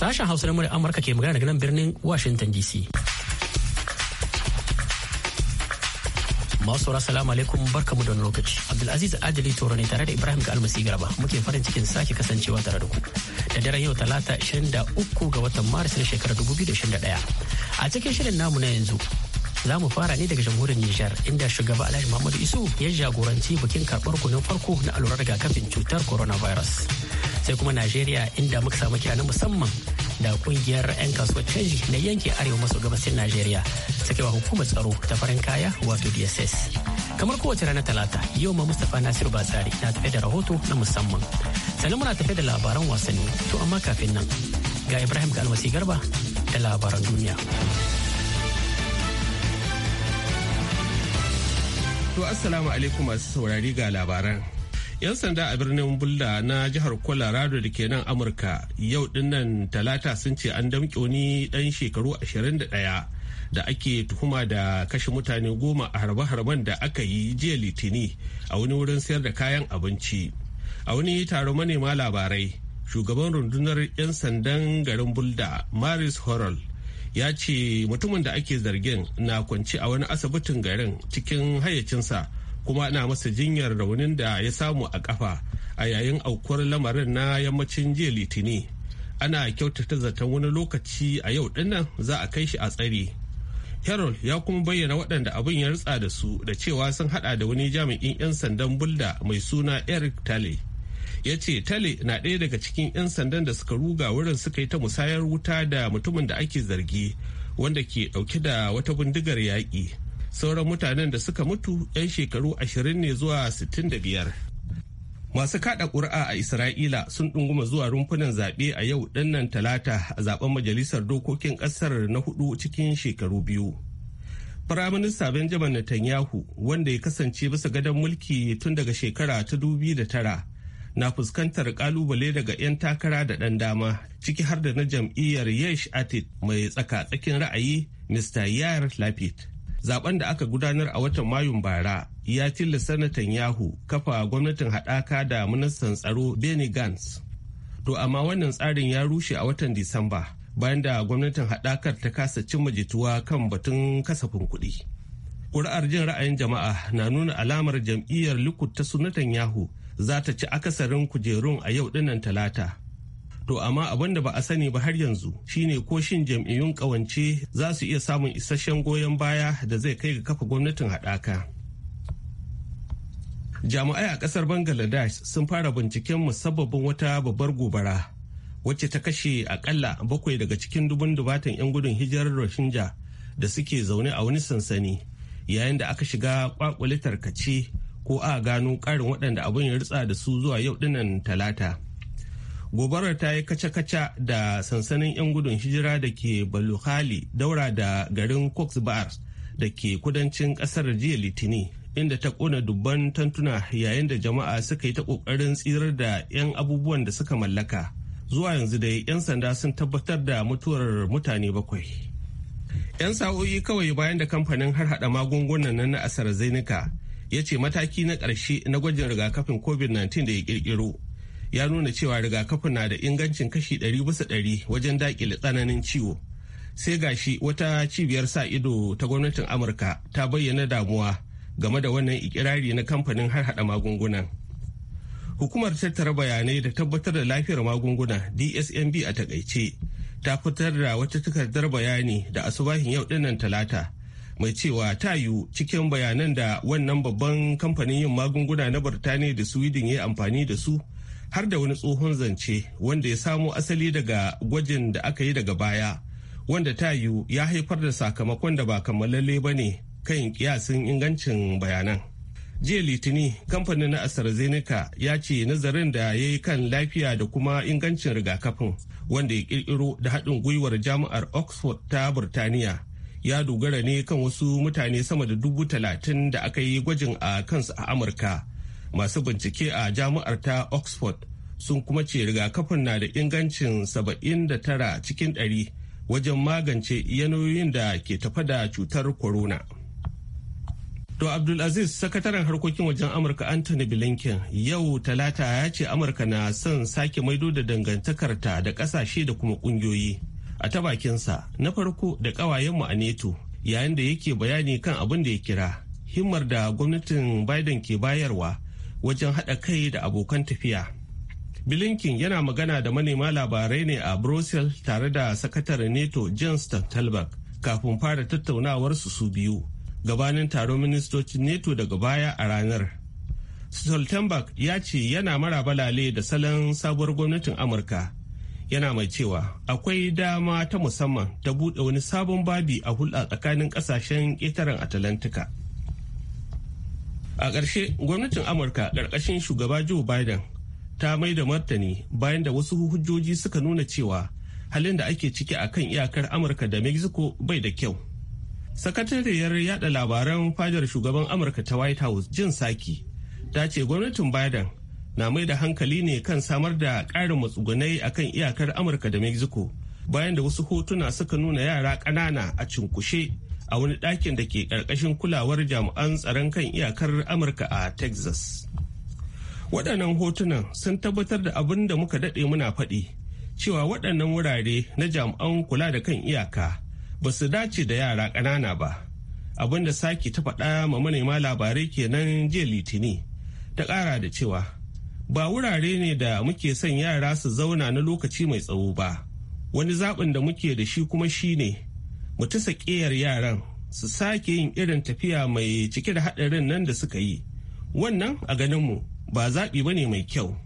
Sashen Hausa na muryar Amurka ke magana daga nan birnin Washington DC. Masu salamu alaikum barkamu da lokaci. Abdulaziz Adili Toro ne tare da Ibrahim ga almasi garba muke farin cikin sake kasancewa tare da ku. Da daren yau talata 23 ga watan Maris na shekarar 2021. A cikin shirin namu na yanzu za mu fara ne daga jamhuriyar Nijar inda shugaba Alhaji Muhammadu Isu ya jagoranci bikin karɓar kunin farko na allurar rigakafin cutar coronavirus. sai kuma najeriya inda muka samu kira na musamman da kungiyar 'yan kasuwar canji na yanke arewa maso gabasin najeriya suke wa hukumar tsaro ta farin kaya wato dss kamar kowace ranar talata yau ma mustapha nasir batsari na tafiya da rahoto na musamman sannan muna tafe da labaran wasanni to amma kafin nan ga ibrahim Almasi garba da labaran duniya to assalamu alaikum masu saurari ga labaran 'yan sanda a birnin bulla na jihar colorado da ke nan amurka yau dinnan talata sun ce an damƙe wani ɗan shekaru 21 da ake tuhuma da kashe mutane goma a harbe-harben da aka yi jiya litini a wani wurin sayar da kayan abinci a wani taron manema labarai shugaban rundunar 'yan sandan garin bulda maris horal ya ce mutumin da ake zargin na kwanci a wani asibitin garin cikin hayyacinsa kuma ana masa jinyar raunin da ya samu a kafa a yayin aukuwar lamarin na yammacin jiya litini ana kyautata zaton wani lokaci a yau dinnan za a kai shi a tsari. Carol ya kuma bayyana waɗanda abin ya rutsa da su da cewa sun hada da wani jami'in 'yan sandan bulda mai suna Eric Tale. Ya ce Tale na ɗaya daga cikin 'yan sandan da suka ruga wurin suka yi ta musayar wuta da mutumin da ake zargi wanda ke ɗauke da wata bindigar yaƙi. sauran mutanen da suka mutu 'yan shekaru ashirin ne zuwa da biyar. masu kada ƙuri'a a isra'ila sun ɗunguma zuwa rumfunan zaɓe a yau ɗannan talata a zaben majalisar dokokin ƙasar na hudu cikin shekaru biyu firaminista benjamin netanyahu wanda ya kasance bisa gadon mulki tun daga shekara ta dubi da tara, na fuskantar kalubale daga 'yan takara da ɗan dama ciki har da na jam'iyyar yesh atit mai tsaka-tsakin ra'ayi mr yar lapid zaben da aka gudanar a watan mayun bara ya tilasta sanatan yahu kafa gwamnatin hadaka da ministan tsaro benny gantz to amma wannan tsarin ya rushe a watan disamba bayan da gwamnatin hadakar ta kasa cimma jituwa kan batun kasafin kuɗi ƙuri'ar jin ra'ayin jama'a na nuna alamar jam'iyyar likud ta sunatan yahu za ta ci akasarin kujerun a yau dinnan talata To amma abin da ba a sani ba har yanzu shine ko shin jam'iyyun kawance za su iya samun isasshen goyon baya da zai kai ga kafa gwamnatin haɗaka. Jami'ai a ƙasar Bangladesh sun fara binciken musabbabin wata babbar gobara wacce ta kashe akalla bakwai daga cikin dubun dubatan 'yan gudun hijirar Rohingya da suke zaune a wani sansani yayin da aka shiga kwakwale tarkace ko a gano ƙarin waɗanda abin ya ritsa da su zuwa yau dinnan talata. gobarar ta yi kaca-kaca da sansanin 'yan gudun hijira da ke baluhali daura da garin cox bar da ke kudancin kasar jiya litini inda ta kona dubban tantuna yayin da jama'a suka yi ta kokarin tsirar da 'yan abubuwan da suka mallaka zuwa yanzu dai 'yan sanda sun tabbatar da mutuwar mutane bakwai 'yan sa'o'i kawai bayan da kamfanin har hada magungunan nan na asar zainika ya ce mataki na ƙarshe na gwajin rigakafin covid-19 da ya ƙirƙiro ya nuna cewa rigakafi na da ingancin kashi 100 ɗari wajen dakile tsananin ciwo sai gashi wata cibiyar sa ido ta gwamnatin amurka ta bayyana damuwa game da wannan ikirari na kamfanin har harhaɗa magungunan hukumar tattara bayanai da tabbatar da lafiyar magunguna dsmb a takaice ta fitar da wata takardar bayani da asubahin yau dinnan talata mai cewa ta yiwu cikin bayanan da wannan babban kamfanin yin magunguna na birtaniya da sweden ya yi amfani da su har da wani tsohon zance wanda ya samo asali daga gwajin da aka yi daga baya wanda ta yiwu ya haifar da sakamakon da ba kammalalle ba ne kan kiyasin ingancin bayanan jiya litini kamfanin na astrazeneca ya ce nazarin da ya yi kan lafiya da kuma ingancin rigakafin wanda ya kirkiro da haɗin gwiwar jami'ar oxford ta burtaniya ya dogara ne kan wasu mutane sama da dubu talatin da aka yi gwajin a kansu a amurka masu bincike a jami'ar ta oxford sun kuma ce rigakafin na da ingancin 79 cikin 100 wajen magance yanayoyin da ke tafa da cutar corona. To Abdulaziz sakataren harkokin wajen Amurka Anthony Blinken yau talata ya ce Amurka na son sake maido da dangantakarta da kasashe da kuma kungiyoyi. A ta bakinsa na farko da kawayenmu a neto yayin da yake bayani kan abin da ya kira himmar da gwamnatin Biden ke bayarwa wajen haɗa kai da abokan tafiya. Bilinkin yana magana da manema labarai ne a Brussels tare da sakataren NATO Jens Stoltenberg kafin fara tattaunawarsu su biyu gabanin taron ministocin NATO daga baya a ranar. Stoltenberg ya ce yana mara balale da salon sabuwar gwamnatin Amurka. Yana mai cewa akwai dama ta musamman ta buɗe wani sabon babi a hulɗa tsakanin ƙasashen ƙetaren Atalantika. a ƙarshe gwamnatin amurka ƙarƙashin shugaba joe biden ta mai da martani bayan da wasu hujjoji suka nuna cewa halin da ake ciki a kan iyakar amurka da mexico bai da kyau sakatariyar yada labaran fadar shugaban amurka ta white house jin saki ta ce gwamnatin biden na mai da hankali ne kan samar da ƙarin matsugunai a kan iyakar amurka da mexico bayan da wasu hotuna suka nuna yara ƙanana a cunkushe a wani ɗakin da ke ƙarƙashin kulawar jami'an tsaron kan iyakar amurka a texas waɗannan hotunan sun tabbatar da abin da muka daɗe muna faɗi cewa waɗannan wurare na jami'an kula da kan iyaka ba su dace da yara ƙanana ba abin da sake ta faɗa ma manema labarai kenan jiya litini ta ƙara da cewa ba wurare ne da muke son yara su zauna na lokaci mai tsawo ba wani zaɓin da muke da shi kuma shine mu ta sakiyar yaran su sake yin irin tafiya mai cike da haɗarin nan da suka yi wannan a ganinmu ba zaɓi ba ne mai kyau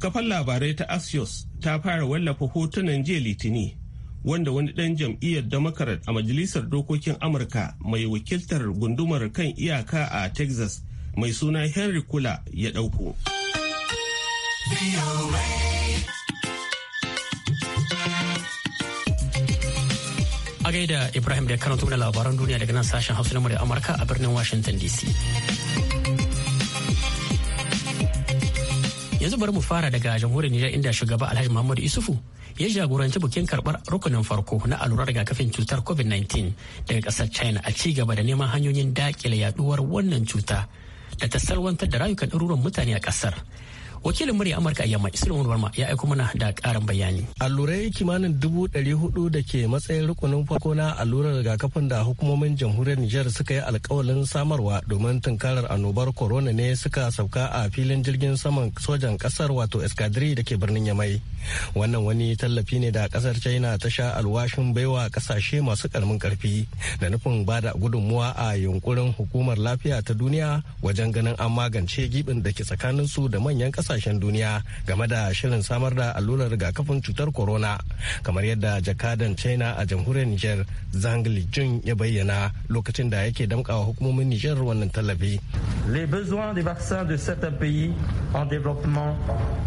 kafan labarai ta axios ta fara wallafa hotunan jiya litini wanda wani ɗan jam'iyyar democrat a majalisar dokokin amurka mai wakiltar gundumar kan iyaka a texas mai suna henry kula ya ɗauko. A gaida Ibrahim da karanto da labaran duniya daga nan sashen Hausa na murya Amurka a birnin Washington DC. Yanzu bari mu fara daga jamhuriyar Nijar inda shugaba Alhaji Muhammadu Isufu ya jagoranci bukin karbar rukunin farko na allurar rigakafin cutar COVID-19 daga kasar China a ci gaba da neman hanyoyin dakile yaduwar wannan cuta da ta salwantar da rayukan ɗaruruwan mutane a kasar. wakilin murya amurka a yamma islam wani ya aiko mana da karin bayani allurai kimanin dubu ɗari hudu da ke matsayin rukunin farko na allurar rigakafin da hukumomin jamhuriyar nijar suka yi alkawalin samarwa domin tunkarar annobar corona ne suka sauka a filin jirgin saman sojan kasar wato escadrille da ke birnin yamai wannan wani tallafi ne da kasar china ta sha alwashin baiwa kasashe masu karamin karfi da nufin ba da gudunmuwa a yunkurin hukumar lafiya ta duniya wajen ganin an magance gibin da ke tsakanin su da manyan kasashen duniya game da shirin samar da allurar rigakafin cutar corona kamar yadda jakadan china a jamhuriyar niger zhang lijun ya bayyana lokacin da yake damkawa hukumomin niger wannan tallafi les besoins des vaccins de certains pays en développement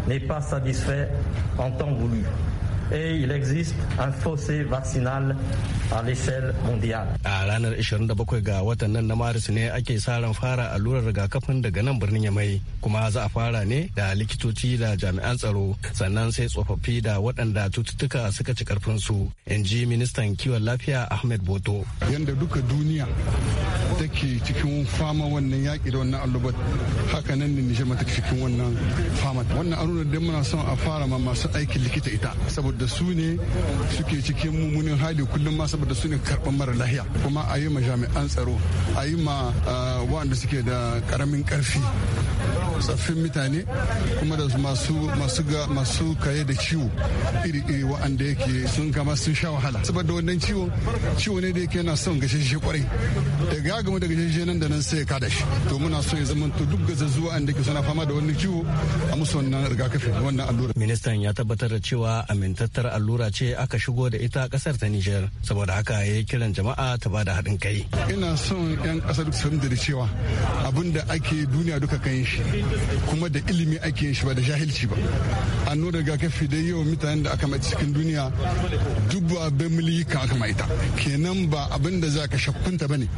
n'est pas satisfait en longtemps voulu. Et il existe un fossé vaccinal a l'échelle mondiale. A ranar 27 ga watan nan na Maris ne ake sa ran fara allurar rigakafin daga nan birnin Yamai kuma za a fara ne da likitoci da jami'an tsaro sannan sai tsofaffi da waɗanda cututtuka suka ci karfin su inji ji ministan kiwon lafiya Ahmed Boto. Yanda duka duniya da take cikin fama wannan yaƙi da wannan allubar haka nan ne nijar take cikin wannan fama wannan arunar da muna son a fara ma masu aikin likita ita saboda su ne suke cikin mummunin hali kullum ma saboda su ne karɓar mara lahiya kuma a yi ma jami'an tsaro a yi ma ah, wanda suke da ƙaramin ƙarfi tsaffin mutane kuma da masu masu ga masu kaye da ciwo iri iri wa'anda yake sun kama sun sha wahala saboda wannan ciwo ciwo ne da yake yana son gasheshe kwarai da gagamu da gasheshe nan da nan sai ya kada shi to muna so ya zama to duk gazazzuwa an da ke suna fama da wannan ciwo a musu wannan rigakafi wannan allura ministan ya tabbatar da cewa amintattar allura ce aka shigo da ita kasar ta Nijar saboda haka ya yi kiran jama'a ta ba da haɗin kai ina son yan kasar su fahimta da cewa abin da ake duniya duka kan shi kuma da ilimi ake yin shi ba da jahilci ba ga rigakafi da yawan mutanen da aka mai cikin duniya dubba bai miliyika aka mai kenan ba abin da za ka shakkunta ba ne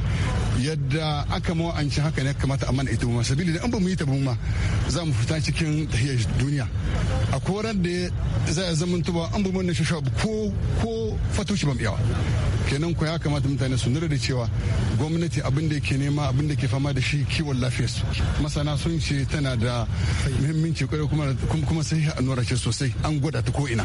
yadda aka mawa an ci haka ne kamata a mana ita ba sabili da an ba mu yi ta ma za mu fita cikin tahiyar duniya a koran da za a zama tuba an ba mu na shashabu ko ko ba mu yawa kenan ko ya kamata mutane su nura da cewa gwamnati abin da ke nema abin da ke fama da shi kiwon lafiyarsu masana sun ce tana da muhimmanci kwarai kuma sai a nora ce sosai an gwada ta ko ina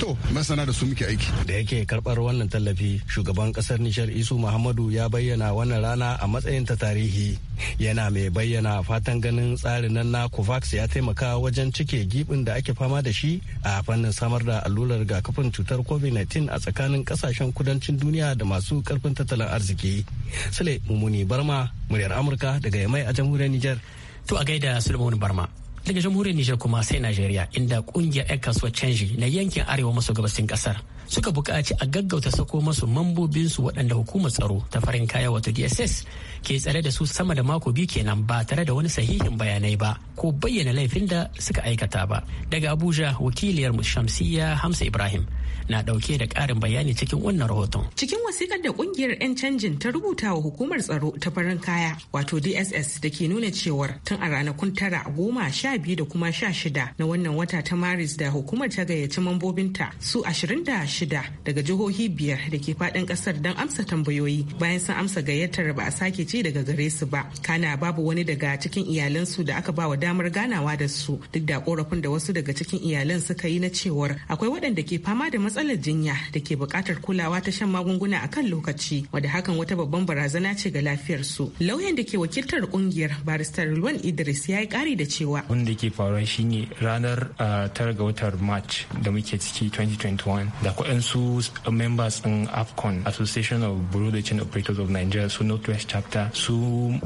to masana da su muke aiki da yake karbar wannan tallafi shugaban kasar nishar isu muhammadu ya bayyana wannan rana a matsayin ta tarihi yana mai bayyana fatan ganin tsarin nan na covax ya taimaka wajen cike gibin da ake fama da shi a fannin samar da allurar rigakafin cutar covid-19 a tsakanin kasashen kudancin duniya da masu karfin tattalin arziki sule mummuni barma muryar amurka daga yamai a jamhuriyar niger to a gaida sulmoni barma daga jamhuriyar Nijar kuma sai Najeriya inda kungiyar 'yan kasuwar canji na yankin arewa maso gabasin kasar suka bukaci a gaggauta sako masu mambobinsu waɗanda hukumar tsaro ta farin kaya wato DSS ke tsare da su sama da mako biyu kenan ba tare da wani sahihin bayanai ba ko bayyana laifin da suka aikata ba. Daga Abuja wakiliyar Shamsiyya Hamsa Ibrahim na ɗauke da ƙarin bayani cikin wannan rahoton. Cikin wasikar da ƙungiyar 'yan canjin ta rubuta wa hukumar tsaro ta farin kaya wato DSS da ke nuna cewar tun a ranakun tara goma sha biyu da kuma sha shida na wannan wata ta Maris da hukumar ta gayyaci mambobinta su ashirin da shida daga jihohi biyar da ke faɗin ƙasar don amsa tambayoyi bayan sun amsa gayyatar ba a sake ci daga gare su ba. Kana babu wani daga cikin iyalansu da aka ba wa damar ganawa da su duk da ƙorafin da wasu daga cikin iyalan suka yi na cewar akwai waɗanda ke fama da da matsalar jinya da ke buƙatar kulawa ta shan magunguna akan lokaci wadda hakan wata babban barazana ce ga lafiyarsu. Lauyan da ke wakiltar kungiyar barista Rilwan Idris ya yi ƙari da cewa. Abin da ke faruwa shine ranar ah, tara ga watan March da muke ciki 2021 da su members ɗin AFCON Association of Bureau de Chain Operators of Nigeria su Northwest Chapter su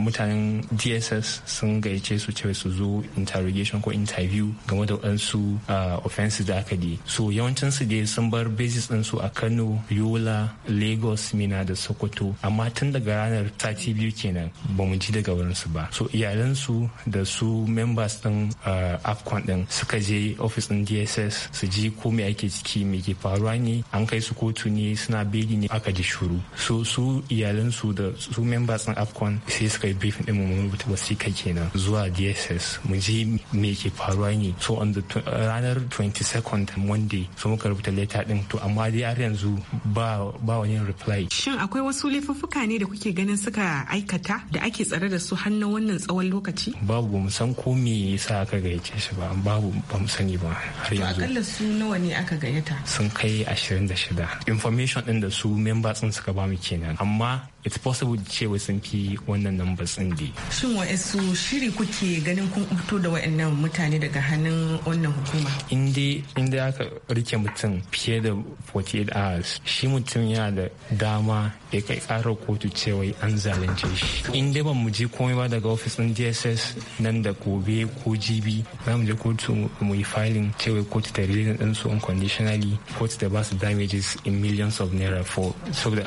mutanen DSS sun gayyace su cewa su zo interrogation ko interview game da waɗansu ah, offenses da aka yi. So yawancin su dai sun sun bar basis ɗinsu a kano yola lagos mina da sokoto amma tun daga ranar sati biyu kenan ba mu ji daga wurinsu ba so iyalansu da su members ɗin uh, afcon ɗin suka je office ɗin dss su ji ko me ake ciki me ke faruwa ne an kai su kotu ne suna begi ne aka ji shuru so su iyalansu da su members ɗin afcon sai suka yi briefing ɗin mu rubuta wasiƙa kenan zuwa dss mu ji me ke faruwa ne so on the ranar 22nd monday so muka rubuta lita din to amma dai har yanzu ba ba wani reply shin akwai wasu laifuffuka ne da kuke ganin suka aikata da ake tsare da su hannun wannan tsawon lokaci babu mu san ko me yasa aka gayyace shi ba babu ba mu sani ba har yanzu to akalla su nawa ne aka gayyata sun kai ashirin 26 information din da su members din suka ba mu kenan amma it's possible cewa sun fi wannan numbers sun bi. Shin su shiri kuke ganin kun fito da waɗannan mutane daga hannun wannan hukuma? In inda aka rike mutum fiye da 48 hours shi mutum yana da dama ya kai karar kotu cewa an zalunce shi in dai ban mu je komai ba daga ofis din dss nan da gobe ko jibi za mu je kotu mu yi filing cewa kotu ta release din su unconditionally kotu da ba su damages in millions of naira for saboda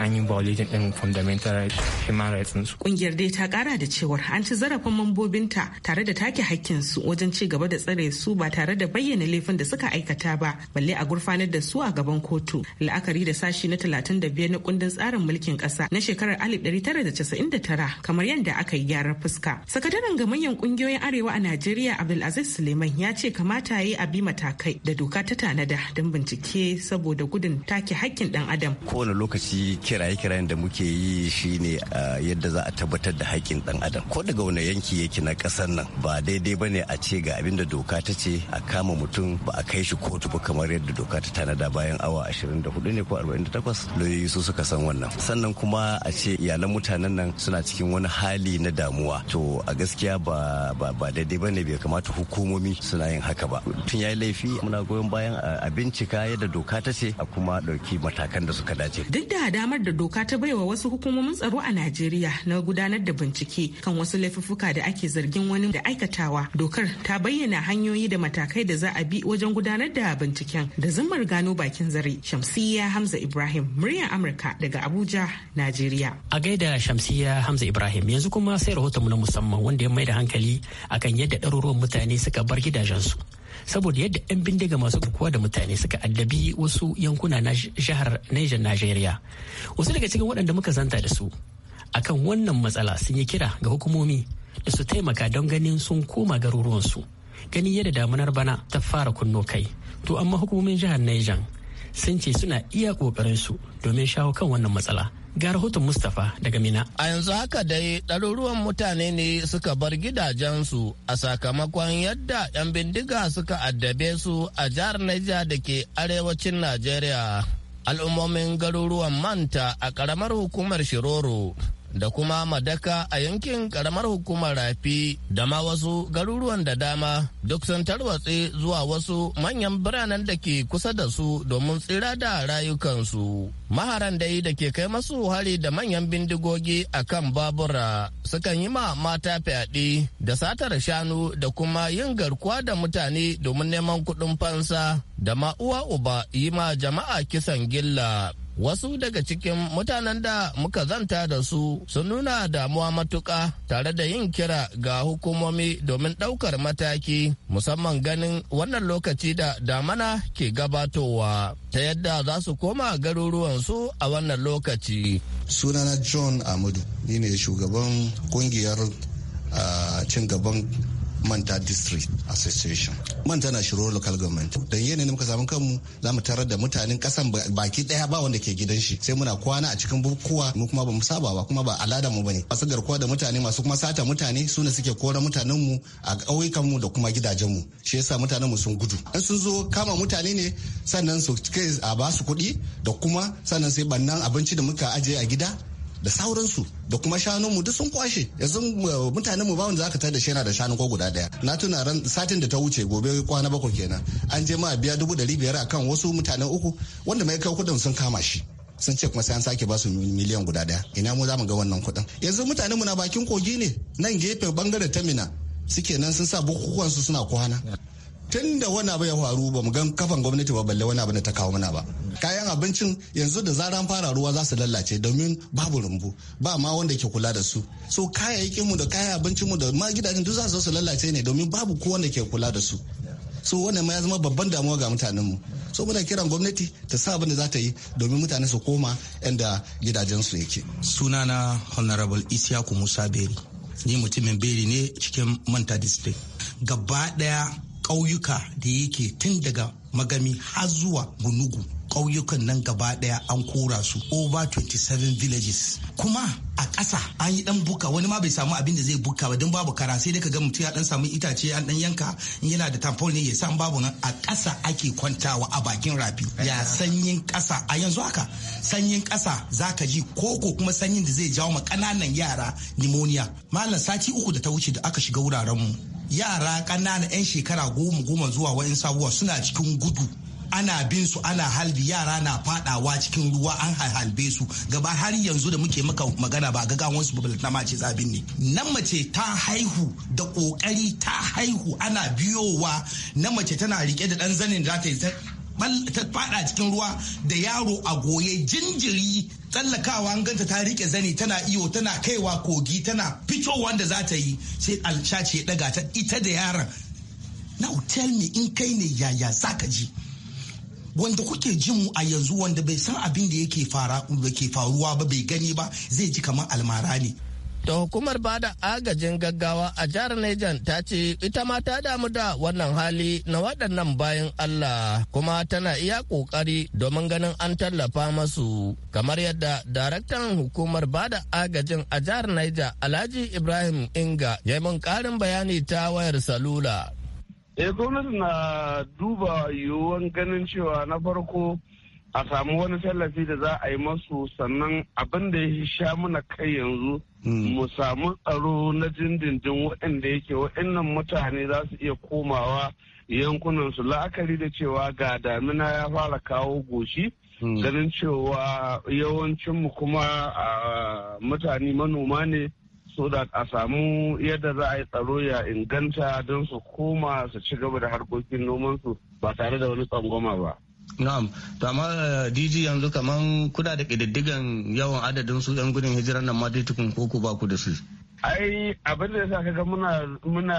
an yi violating din fundamental rights human rights din su kungiyar dai ta kara da cewar an ci zarafin mambobinta tare da take hakkin su wajen ci gaba da tsare su ba tare da bayyana laifin da suka aikata ba balle a gurfanar da su a gaban kotu la'akari da sashi na 35 na kundin tsarin mulkin kasa na shekarar 1999 kamar yadda aka yi gyaran fuska. Sakataren ga manyan kungiyoyin Arewa a Najeriya Abdulaziz Suleiman ya ce kamata ya yi a bi matakai da doka ta tanada don bincike saboda gudun take hakkin ɗan adam. Kowane lokaci kiraye-kirayen da muke yi shine yadda za a tabbatar da hakkin ɗan adam. Ko daga wani yanki yake na ƙasar nan ba daidai bane a ce ga abin da doka ta ce a kama mutum ba a kai shi kotu ba kamar yadda doka ta tanada bayan awa 24 ne ko 48 lauyoyi su suka san wannan sannan kuma a ce iyalan mutanen nan suna cikin wani hali na damuwa to a gaskiya ba ba ba daidai bane bai kamata hukumomi suna yin haka ba tun yayi laifi muna goyon bayan a bincika yadda doka ta ce a kuma dauki matakan da suka dace duk da damar da doka ta baiwa wasu hukumomin tsaro a Najeriya na gudanar da bincike kan wasu laifuffuka da ake zargin wani da aikatawa dokar ta bayyana hanyoyi da matakai da za a bi wajen gudanar da binciken da zumar gano bakin zare shamsiya hamza ibrahim muryar amurka daga daga Abuja, Najeriya. A gaida shamsiyya Hamza Ibrahim yanzu kuma sai rahotonmu na musamman wanda ya mai da hankali akan yadda ɗaruruwan mutane suka bar gidajensu. saboda yadda 'yan bindiga masu kukuwa da mutane suka addabi wasu yankuna na jihar Niger Najeriya. Wasu daga cikin waɗanda muka zanta da su akan wannan matsala sun yi kira ga hukumomi da su taimaka don ganin sun koma garuruwansu. Gani yadda damunar bana ta fara kunno kai. To amma hukumomin jihar Niger sun ce suna iya ƙoƙarinsu domin shawo kan wannan matsala. ga rahoton Mustapha daga Mina. A yanzu haka dai ɗaruruwan mutane ne suka bar gidajensu a sakamakon yadda 'yan bindiga suka addabe su a jihar Niger da ke arewacin Najeriya. Al'ummomin garuruwan Manta a ƙaramar hukumar Shiroro da kuma madaka a yankin karamar hukumar rafi da ma wasu garuruwan da dama duk sun tarwatse zuwa wasu manyan biranen da ke kusa da su domin tsira da rayukansu. maharan da yi da ke kai masu hari da manyan bindigogi a kan babura sukan yi ma mata fyaɗe da satar shanu da kuma yin garkuwa da mutane domin neman kuɗin fansa da ma uwa uba yi ma jama'a kisan gilla wasu daga cikin mutanen da muka zanta da su sun nuna damuwa matuƙa tare da yin kira ga hukumomi domin ɗaukar mataki musamman ganin wannan lokaci da damana ke gabatowa. ta yadda za su koma garuruwansu a wannan lokaci. Sunana John Amadu, ni ne shugaban kungiyar ah, cin gaban manta district association manta na shiro local government don yanayin muka samu kanmu za mu tarar da mutanen kasan baki ɗaya ba wanda ke gidan shi sai muna kwana a cikin bukukuwa mu kuma ba mu saba ba kuma ba al'adar mu bane masu garkuwa da mutane masu kuma sata mutane su ne suke kora mutanen mu a ƙauyukan mu da kuma gidajen mu shi yasa mutanen mu sun gudu in sun zo kama mutane ne sannan su kai a basu kuɗi da kuma sannan sai bannan abinci da muka ajiye a gida da sauransu da kuma shanunmu duk sun kwashe yanzu uh, mutanen mu ba wanda zaka da shi yana da shanu ko guda daya na tuna ran satin da ta wuce gobe kwana bakwai kenan an je ma biya dubu dari biyar akan wasu mutanen uku wanda mai kai kudin sun kama shi sun ce kuma sai an sake basu miliyan guda daya ina mu za mu ga wannan kudin. yanzu mutanen mu na bakin kogi ne nan gefe bangaren mina suke nan sun sa bukukuwan su suna kwana tun da wani abu ya faru ba mu gan kafan gwamnati ba balle wani abu ne ta kawo mana ba kayan abincin yanzu da zaran fara ruwa za su lallace domin babu rumbu ba ma wanda ke kula da su so kayayyakin mu da kayan abincin mu da ma gidajen duk za su lallace ne domin babu ko wanda ke kula da su so wannan ma ya zama babban damuwa ga mutanen mu so muna kiran gwamnati ta sa abin da za ta yi domin mutane su koma inda su yake sunana honorable isiyaku musa beri ni mutumin beri ne cikin manta district gaba daya ƙauyuka da yake tun daga magami har zuwa gunugu ƙauyukan nan gaba ɗaya an kora su over 27 villages kuma a ƙasa an yi dan buka wani ma bai samu abin da zai buka ba don babu kara sai dai ka ga mutum ya dan samu itace an dan yanka yana da tamfol ne ya san babu nan a ƙasa ake kwantawa a bakin rafi ya sanyin ƙasa a yanzu haka sanyin ƙasa za ka ji koko kuma sanyin da zai jawo ma ƙananan yara pneumonia malam sati uku da ta wuce da aka shiga wuraren mu yara ƙanana 'yan shekara goma goma zuwa wa'in sabuwa suna cikin gudu ana bin su ana halbi yara na fadawa cikin ruwa an halbe su gaba har yanzu da muke maka magana ba ga gawon su na mace zabin ne nan mace ta haihu da kokari ta haihu ana biyowa na mace tana rike da dan zanin da ta ta fada cikin ruwa da yaro a goye jinjiri tsallakawa an ganta ta rike zani tana iyo tana kaiwa kogi tana fitowa da za ta yi sai alsha ce daga ta ita da yaron now tell me in kai ne yaya zaka ji wanda kuke jin mu a yanzu wanda bai san abin da yake faruwa ba bai gani ba zai ji kamar almara ne Da hukumar bada agajin gaggawa a jihar Niger ta ce ita ma ta damu da wannan hali na waɗannan bayan Allah kuma tana iya ƙoƙari domin ganin an tallafa masu. Kamar yadda daraktan hukumar bada agajin a jihar Niger Alhaji Ibrahim Inga ya yi mun ƙarin bayani ta wayar salula. eh gwamnati na duba yiwuwan ganin cewa na farko a samu wani tallafi da za a yi masu sannan abin da ya sha muna kai yanzu hmm. mu samu tsaro na dindindin waɗanda yake waɗannan mutane za su iya komawa yankunansu la'akari da cewa ga damina ya fara kawo goshi hmm. ganin cewa yawancinmu kuma ah, mutane manoma ne so da a samu yadda za a yi tsaro ya inganta don su koma su ci gaba da harkokin nomansu ba tare da wani tsangwama ba. Na'am, to amma eh, DG yanzu kamar kuna da ƙididdigan yawan adadin su 'yan gudun hijirar nan ma ko ba ku da su. Ai abin da yasa kaga muna muna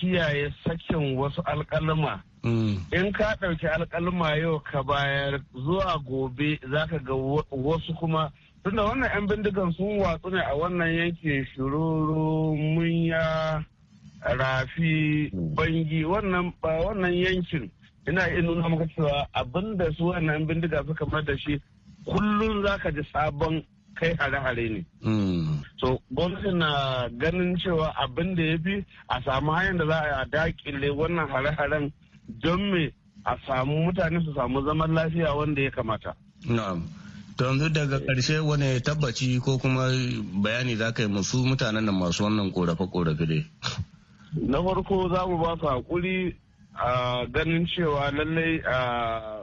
kiyaye sakin wasu alƙalma. Mm. In ka ɗauki alƙalma yau ka bayar zuwa gobe za ka ga wasu kuma tunda wannan 'yan bindigan sun watsu ne a wannan yankin shiruru munya rafi hmm. bangi wannan wannan yankin ina iya nuna maka cewa abinda su wannan bindiga suka mar da shi kullum za ka ji sabon kai hare-hare ne. Hmm. So gwamnati na ganin cewa abinda da ya fi a samu hanyar da za a dakile wannan hare-haren don me a samu mutane su samu zaman lafiya wanda ya kamata. yanzu daga ƙarshe wani tabbaci ko kuma bayani za ka yi musu mutanen da masu wannan korafe-korafe ne. Na farko za mu ba su haƙuri a ganin cewa lallai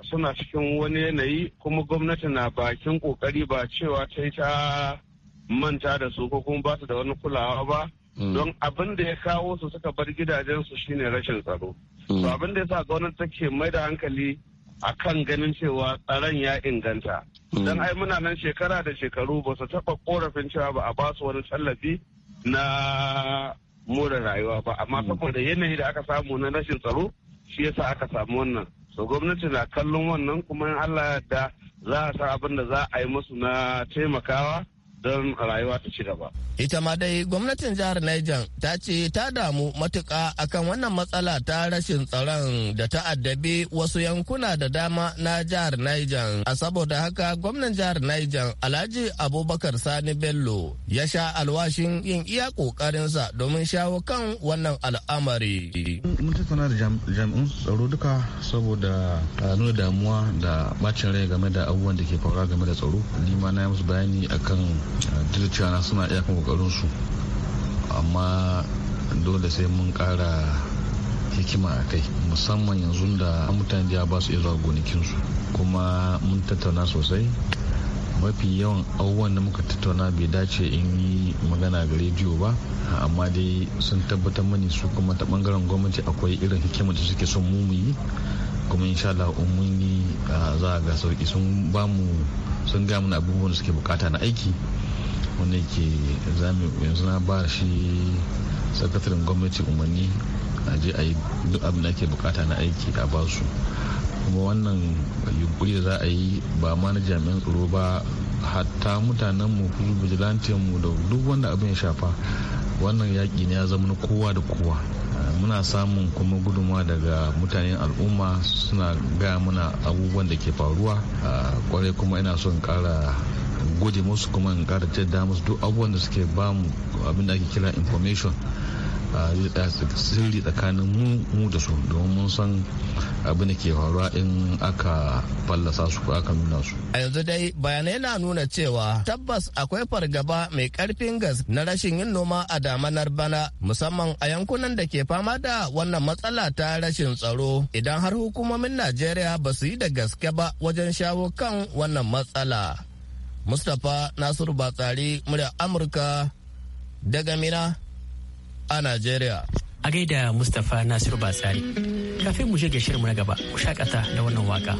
suna cikin wani yanayi kuma gwamnati na bakin ƙoƙari ba cewa ta yi ta manta da su ko kuma ba su da wani kulawa ba. Hmm. Don abin da ya kawo su suka bar gidajensu shine rashin tsaro. Hmm. To abin da ya sa gwamnati take mai da hankali akan ganin cewa tsaron ya inganta. don mm. ai muna nan shekara da shekaru ba su taɓa korafin cewa ba a ba su wani tallafi na more rayuwa ba amma mm. saboda yanayi da aka samu na rashin tsaro shi yasa aka samu wannan so gwamnati na kallon wannan kuma in Allah ya za a sa abin da za a yi musu na taimakawa don rayuwa ta ci gaba. Ita ma dai gwamnatin jihar Niger ta ce ta damu matuƙa akan wannan matsala ta rashin tsaron da ta addabi wasu yankuna da dama na jihar Niger. A saboda haka gwamnan jihar Niger Alhaji Abubakar Sani Bello ya sha alwashin yin iya ƙoƙarinsa domin shawo kan wannan al'amari. Mun tattauna da jami'un tsaro duka saboda nuna damuwa da bacin rai game da abubuwan da ke faruwa game da tsaro. Ni ma na yi musu bayani akan duk na suna iyakan kokarinsu amma dole sai mun kara hikima a kai musamman yanzu da mutane da ba su iya zuwa gonakinsu kuma mun tattauna sosai mafi yawan abubuwan da muka tattauna bai dace in yi magana ga rediyo ba amma dai sun tabbatar mani su kuma ta bangaren gwamnati akwai irin hikima da suke son mu yi kuma insha Allah mun yi za a ga sauki sun ba mu sun ga na abubuwan da suke bukata na aiki wanda ke zami yanzu na ba shi sakataren gwamnati umarni a je a yi duk abin da ake bukata na aiki a ba su kuma wannan yunkuri da za a yi ba ma na jami'an tsaro ba hatta mutanen mu vigilante mu da duk wanda abin ya shafa wannan yaƙi ne ya zama na kowa da kowa muna samun kuma gudunmawa daga mutanen al'umma suna gaya muna abubuwan da ke faruwa kwarai kuma ina son kara gode musu kuma in kara jaddada musu duk abubuwan da suke bamu abin ake kira information sirri tsakanin mu da su domin mun san abin da ke faruwa in aka fallasa su aka nuna su a yanzu dai bayanai na nuna cewa tabbas akwai fargaba mai karfin gas na rashin yin noma a damanar bana musamman a yankunan da ke fama da wannan matsala ta rashin tsaro idan har hukumomin najeriya ba su yi da gaske ba wajen shawo kan wannan matsala mustapha nasiru batsari murya amurka daga mina a Najeriya. A gaida Mustapha Nasiru Batsari. Kafin mu shirya shirinmu na gaba, ku shakata da wannan waka.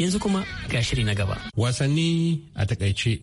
yanzu kuma ga shiri na gaba wasanni a takaice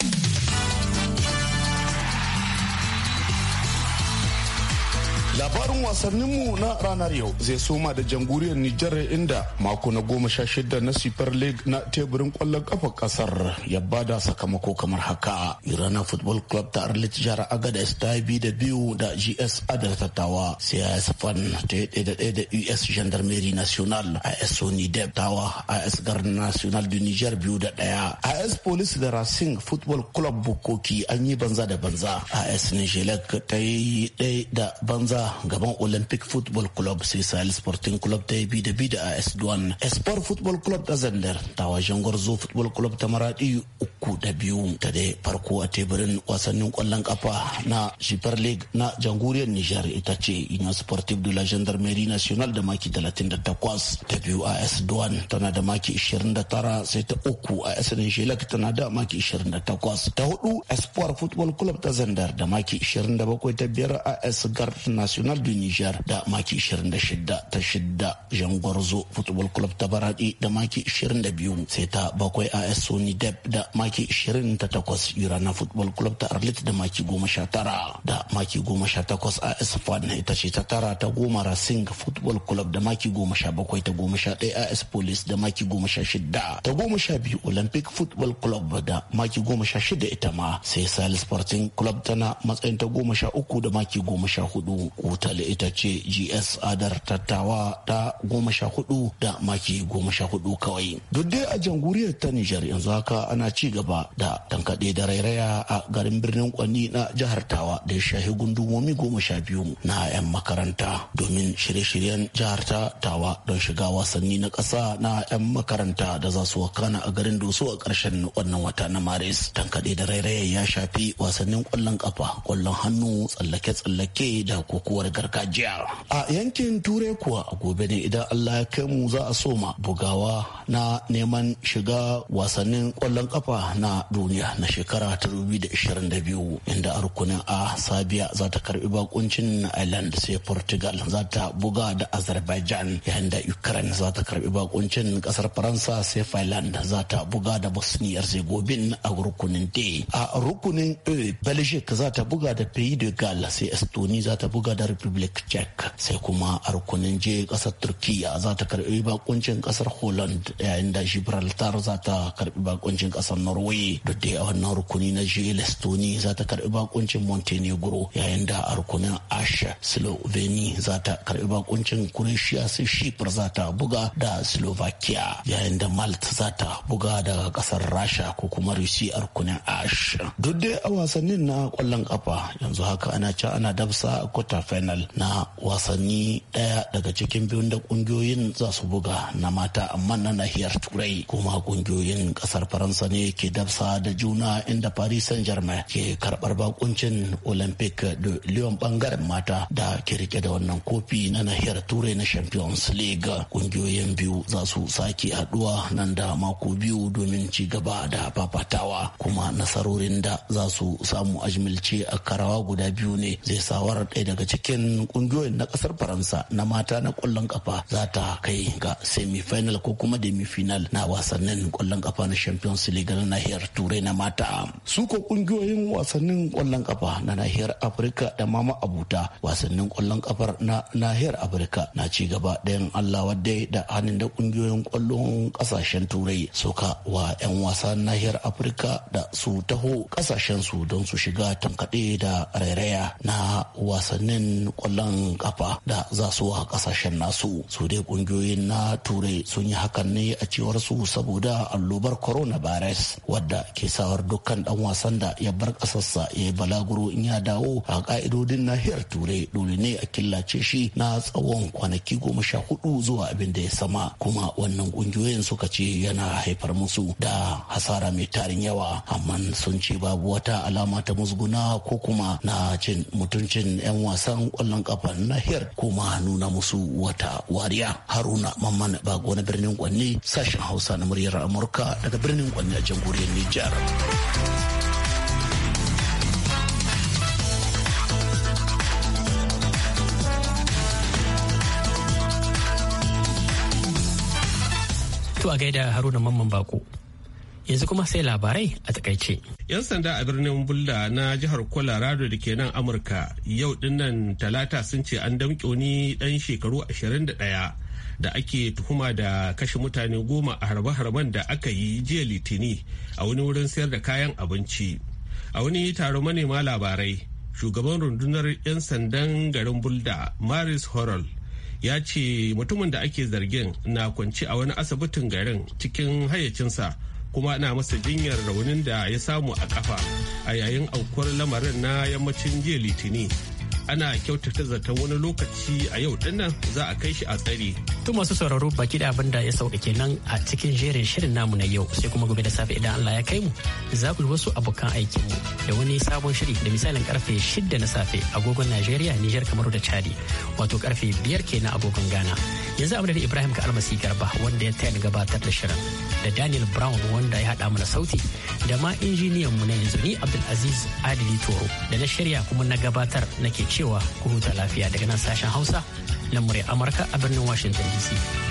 wasannin wasanninmu na ranar yau zai soma da jamhuriyar Nijar inda mako na goma sha shida na Super League na teburin kwallon kafa kasar ya bada sakamako kamar haka. Irana Football Club ta Arlit Jihar Aga da bi da biyu da GS Adar Tattawa sai AS Fan ta yi da ɗaya da US Gendarmerie National a Sony Deb Tawa AS Gar National du Niger biyu da ɗaya. AS Police da Racing Football Club Bukoki an yi banza da banza. AS Nijelek ta yi ɗaya da banza gaba gaban olympic football club sai sahel sporting club ta yi bi da bi da as duwan espoir football club ta zander ta wajen gwarzo football club ta maradi uku da biyu ta dai farko a teburin wasannin kwallon kafa na super league na janguriyar niger ita ce union sportive de la gendarmerie nationale da maki 38 ta biyu a as duwan tana da maki 29 sai ta uku a as nigelak tana da maki 28 ta hudu espoir football club ta zandar da maki 27 ta biyar a as gard national du Nijar da maki 26 ta shidda Jangwarzo Football Club ta Baradi da maki 22 sai ta bakwai AS Sony Deb da maki 28 Irana Football Club ta Arlit da maki 19 da maki 18 AS Fan ita ce ta tara ta goma Racing Football Club da maki 17 ta 11 AS Police da maki 16 ta 12 Olympic Football Club da maki 16 ita ma sai Sal Sporting Club tana matsayin ta 13 da maki 14 Kutale ita ce gs adar tattawa ta goma sha hudu da maki goma sha hudu kawai duk dai a jamhuriyar ta nijar yanzu haka ana ci gaba da tankaɗe da rairaya a garin birnin kwanni na jihar tawa da ya shahi gundumomi goma sha biyu na 'yan makaranta domin shirye-shiryen jihar ta tawa don shiga wasanni na ƙasa na 'yan makaranta da za su wakana a garin doso a ƙarshen wannan wata na maris tankaɗe da rairaya ya shafi wasannin ƙwallon ƙafa ƙwallon hannu tsallake-tsallake da kokowar gargajiya afirka jiya a yankin turai kuwa a gobe ne idan allah ya kai mu za a soma bugawa na neman shiga wasannin kwallon kafa na duniya na shekara ta 2022 inda a rukunin a sabiya za ta karbi bakuncin ireland sai portugal za ta buga da azerbaijan yayin da ukraine za ta karbi bakuncin kasar faransa sai finland za ta buga da bosnia herzegovina a rukunin d a rukunin a belgium za ta buga da pays de gal sai estonia za ta buga da republic republic czech sai kuma a rukunin je kasar turkiya za ta karbi bakuncin kasar holland yayin da gibraltar za ta karbi bakuncin kasar norway duk da a wannan rukuni na je lestoni za ta karbi bakuncin montenegro yayin da a rukunin Asia slovenia za ta karbi bakuncin croatia sai zata za ta buga da slovakia yayin da malt za ta buga da kasar rasha ko kuma rusi a rukunin Asia. duk dai a wasannin na kwallon kafa yanzu haka ana can ana dabsa a quarter final na wasanni ɗaya daga cikin biyun da ƙungiyoyin za su buga na mata amma na nahiyar turai kuma ƙungiyoyin ƙasar faransa ne ke dafsa da juna inda paris saint germain ke karɓar bakuncin olympic de lyon bangaren mata da ke rike da wannan kofi na nahiyar turai na champions league ƙungiyoyin biyu za su sake haɗuwa nan da mako biyu domin ci gaba da fafatawa kuma nasarorin da za su samu ajimilce a karawa guda biyu ne zai sawar ɗaya daga cikin kungiyoyin na kasar faransa na mata na kwallon kafa za ta kai ga semifinal ko kuma demifinal na wasannin kwallon kafa na champions league na nahiyar turai na mata su ko kungiyoyin wasannin kwallon kafa na nahiyar afirka da mama abuta wasannin kwallon kafar na nahiyar afirka na ci gaba da yin allah wadda da hannun da kungiyoyin kwallon kasashen turai suka wa 'yan wasan nahiyar afirka da su taho kasashen su don su shiga tankaɗe da rairaya na wasannin kwallon kafa da za su a kasashen nasu su dai kungiyoyin na turai sun yi hakan ne a cewar su saboda allobar coronavirus wadda ke sawar dukkan dan wasan da ya bar kasarsa ya yi balaguro in ya dawo a ka'idodin nahiyar turai dole ne a killace shi na tsawon kwanaki goma sha hudu zuwa abin da ya sama kuma wannan kungiyoyin suka ce yana haifar musu da hasara mai tarin yawa amma sun ce babu wata alama ta musguna ko kuma na cin mutuncin 'yan wasan kwallon kwallon kafa na nahiyar kuma nuna musu wata wariya haruna mamman bago na birnin kwanne sashen hausa na muryar amurka daga birnin kwanne a jamhuriyar nijar To a gaida haruna mamman bako. yanzu kuma sai labarai a takaice. 'Yan sanda a birnin Bulla na jihar Colorado da ke nan Amurka yau dinnan talata sun ce an damƙe wani ɗan shekaru 21 da ake tuhuma da kashe mutane goma a harbe-harben da aka yi jiya litini a wani wurin sayar da kayan abinci. A wani taron manema labarai, shugaban rundunar 'yan sandan garin Bulda, Maris Horrell, ya ce mutumin da ake zargin na kwanci a wani asibitin garin cikin hayyacinsa kuma ana masa jinyar raunin da ya samu a kafa a yayin aukuwar lamarin na yammacin jiya litini ana kyautata zaton wani lokaci a yau dinnan za a kai shi a tsari. tun masu sauraro baki da abin da ya sauka kenan a cikin jerin shirin namu na yau sai kuma gobe da safe idan Allah ya kai mu za ku wasu abokan aiki mu da wani sabon shiri da misalin karfe 6 na safe agogon Najeriya Niger Kamaru da Chadi wato karfe biyar kenan agogon Ghana. Yanzu abu da Ibrahim ka almasi garba wanda ya taya gabatar da shirin da Daniel Brown wanda ya haɗa mana sauti da ma injiniyan mu na yanzu ni Abdulaziz Adili Toro da na shirya kuma na gabatar nake ci cewa ku huta lafiya daga nan sashen Hausa na murya Amurka a birnin Washington DC.